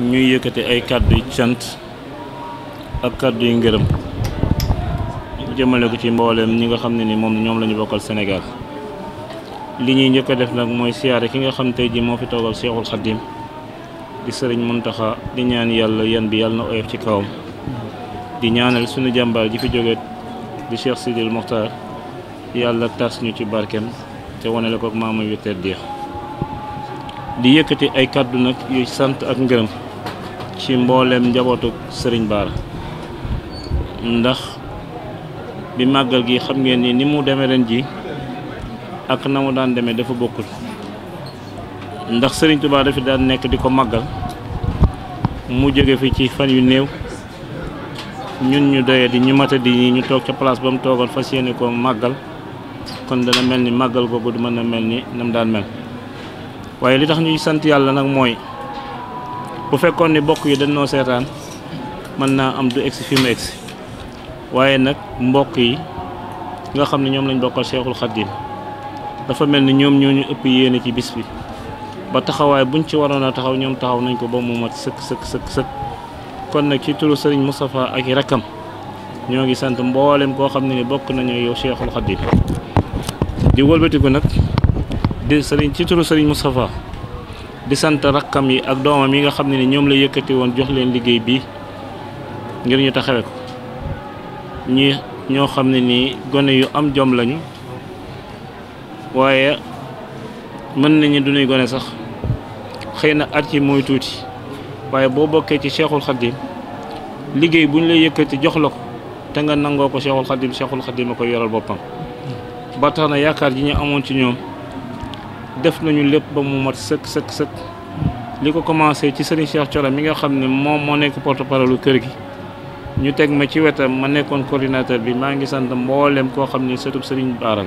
ñuy yëkkati ay kàddu yu sant ak kàddu yu ngërëm jëmale ko ci mbooleem ñi nga xam ne ni moom ñoom la ñu bokkal senegal li ñuy njëkk def nag mooy siyaare ki nga xam tey ji moo fi toogal Seexul Xaddim di sëriñ taxa di ñaan yàlla yan bi yàlla na oyof ci kawam di ñaanal suñu jàmbaar ji fi jóge di Cheikh Sidil Mokhtar yàlla tas ñu ci barkeem te wane la ko maama yu tedd di yëkkati ay kàddu nag yuy sant ak ngërëm ci mbollem njabootuk serigne bar ndax bi magal gi xam ngeen ni ni mu len ji ak namu daan demee dafa bokul ndax serigne touba dafa daan nek di ko mu fi ci fan yu new ñun ñu doye di ñu mata di ñu tok ci place bam togal fasiyene ko magal kon dana melni magal gogu du mën melni nam daan mel waye li tax ñuy sant yalla nak moy bu fekkoon ne bokk yi dañ seetaan mën naa am du egsi fi mu egsi waaye nag mbokk yi nga xam ne ñoom lañ bokkal Cheikhul Khadim dafa mel ni ñoom ñoo ñu ëpp yéene ci bis bi ba taxawaay buñ ci waroon a taxaw ñoom taxaw nañ ko ba mu mat sëkk sëkk sëkk sëkk kon nag ci turu sëriñ Moustapha ak i rakkam ñoo ngi sant mboolem koo xam ne ni bokk nañu yow Cheikhul Khadim di wëlbatiku nag di Serigne ci turu sëriñ Moustapha. di sant rakkam yi ak doomam yi nga xam ne ni ñoom la yëkkati woon jox leen liggéey bi ngir ñu taxawee ko ñi ñoo xam ne nii gone yu am jom lañu waaye mën nañu duñuy gone sax xëy na at yi mooy tuuti waaye boo bokkee ci Cheikhul Khadim liggéey bu ñu lay yëkkati jox la ko te nga nangoo ko Cheikhul Khadim Cheikhul Khadim a koy yoral boppam ba tax na yaakaar ji ñu amoon ci ñoom def nañu lépp ba mu mat sëkk sëkk sëkk li ko commencé ci sëriñ Cheikh Thioro mi nga xam ne moom moo nekk porte parole kër gi ñu teg ma ci wetam ma nekkoon coordinateur bi maa ngi sant mboolem koo xam ne sëtub sëriñ Baara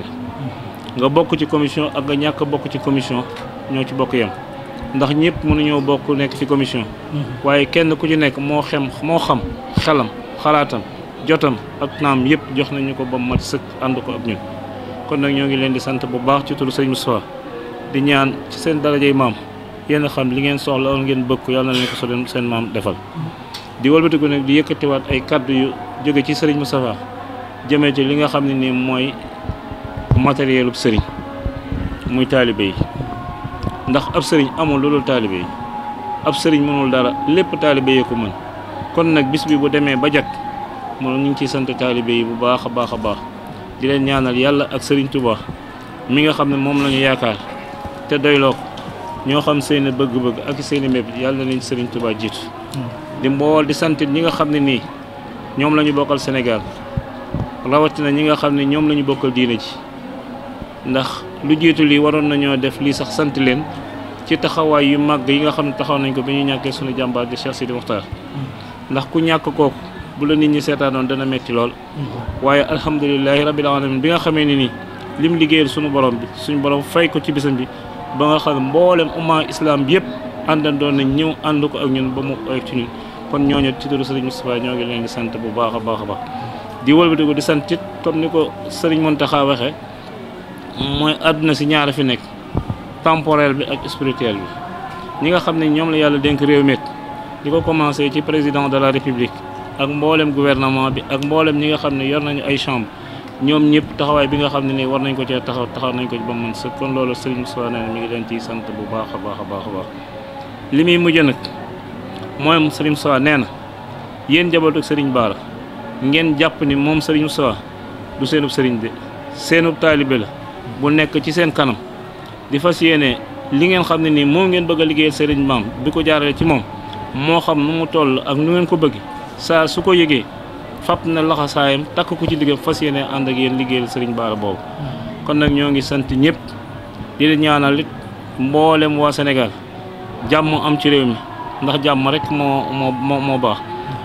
nga bokk ci commission ak nga ñàkk bokk ci commission ñoo ci bokk yem ndax ñëpp mënuñoo bokk nekk ci commission waaye kenn ku ci nekk moo xem moo xam xelam xalaatam jotam ak naam yëpp jox nañu ko ba mat sëkk ànd ko ak ñun kon nag ñoo ngi leen di sant bu baax ci turu sëriñ Moustapha di ñaan ci seen darajey maam yéen a xam li ngeen soxla wala ngeen bëgg ko yàlla na leen ko soleen seen maam defal di walbatiku nag di yëkkatiwaat ay kàddu yu jóge ci sëriñ Moustapha jëmee ti li nga xam ne nii mooy matérielu sëriñ muy taalibe yi ndax ab sëriñ amul loolu taalibe yi ab sëriñ mënul dara lépp taalibe yi ko mën kon nag bis bi bu demee ba jag moom ñu ngi ciy sant taalibe yi bu baax a baax a baax di leen ñaanal yàlla ak sëriñ Touba mi nga xam ne moom la yaakaar te doyloo ko ñoo xam seen bëgg-bëgg ak seen i méb yàlla nañ Serigne Touba jiitu. di mbool di sant ñi nga xam ne nii ñoom la ñu bokkal Sénégal rawatina ñi nga xam ne ñoom la ñu bokkal diine ji ndax lu jiitu lii waroon nañoo def lii sax sant leen ci taxawaay yu màgg yi nga xam ne taxaw nañ ko bi ñu ñàkkee suñu jàmbaar di Cheikh Sidi Mokhtar ndax ku ñàkk kooku bu la nit ñi seetaanoon dana metti lool. waaye alhamdulilahi rabbil alamin bi nga xamee ne nii lim liggéeyal suñu borom bi suñu borom fay ko ci bisam bi. ba nga xam mboolem umma islam bi yëpp àndandoon nañ ñëw ànd ko ak ñun ba mu oyof ci ñun kon ñooñu ci turu Serigne Moustapha ñoo ngi leen di sant bu baax a baax a baax di wëlbati ko di sant it comme ni ko Serigne Mountakha waxee mooy àdduna si ñaara fi nekk temporel bi ak spirituel bi ñi nga xam ne ñoom la yàlla dénk réew met di ko commencé ci président de la république ak mboolem gouvernement bi ak mbooleem ñi nga xam ne yor nañu ay chambre ñoom ñëpp taxawaay bi nga xam ne nii war nañ ko cee taxaw taxaw nañ ko ci ba mu mën sëkk kon loolu Serigne Moustapha nee na mi ngi leen ciy sant bu baax baax baax a baax li muy mujj nag mooy Serigne Moustapha nee yéen jabootu Serigne Bara ngeen jàpp ni moom Serigne Moustapha du seenub sëriñ de seenub taalibe la bu nekk ci seen kanam di fas yéene li ngeen xam ne nii moom ngeen bëgg a liggéeyal Serigne maam di ko jaarale ci moom moo xam nu mu toll ak nu ngeen ko bëgg saa su ko yëgee. fap na laxasaayam takku ko ci liggéeyam fasiyene and ak yeen liggéeyal serigne baara bob kon nak ñoo ngi sant ñepp di le ñaanal nit mbollem wa senegal jamm am ci réew mi ndax jamm rek mo mo mo baax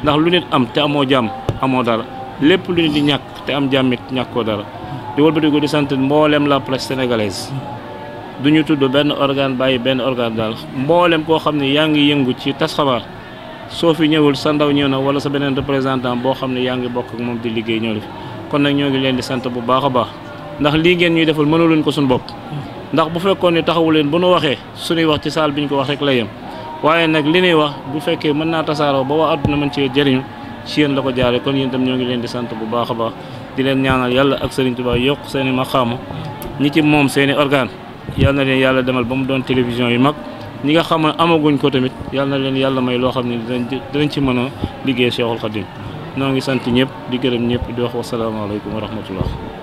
ndax lu nit am te amo jamm amo dara lepp lu nit di ñak te am jàmmit ñàkkoo dara di wëlbatiku di sant mbollem la presse senegalaise duñu tuddu ben organe baye ben organe dal mbollem ko xamni yaangi ci tas soo fi ñëwul sa ndaw ñëw na wala sa beneen représentant boo xam ne yaa ngi bokk ak moom di liggéey ñëw fi kon nag ñoo ngi leen di sant bu baax a baax ndax lii ngeen ñuy deful defal mënaluñ ko suñu bopp ndax bu fekkoon ne taxawu leen bu nu waxee suñuy wax ci saal bi ñu ko wax rek la yam waaye nag li ñuy wax bu fekkee mën naa tasaaroo ba waa àdduna mën cee jëriñu si yéen la ko jaare kon yéen tam ñoo ngi leen di sant bu baax a baax di leen ñaanal yàlla ak Sëriñ Tuubaa yokk seen i maqaama ñi ci moom seen i organe yàlla na yàlla demal ba mu doon télévision yu mag ñi nga xam ne amaguñ ko tamit yàlla na leen yàlla may loo xam ne dinañ ci mën a liggéey Cheikhul Khadim noo ngi sant ñëpp di gërëm ñëpp di wax wasalaamaaleykum wa rahmatullah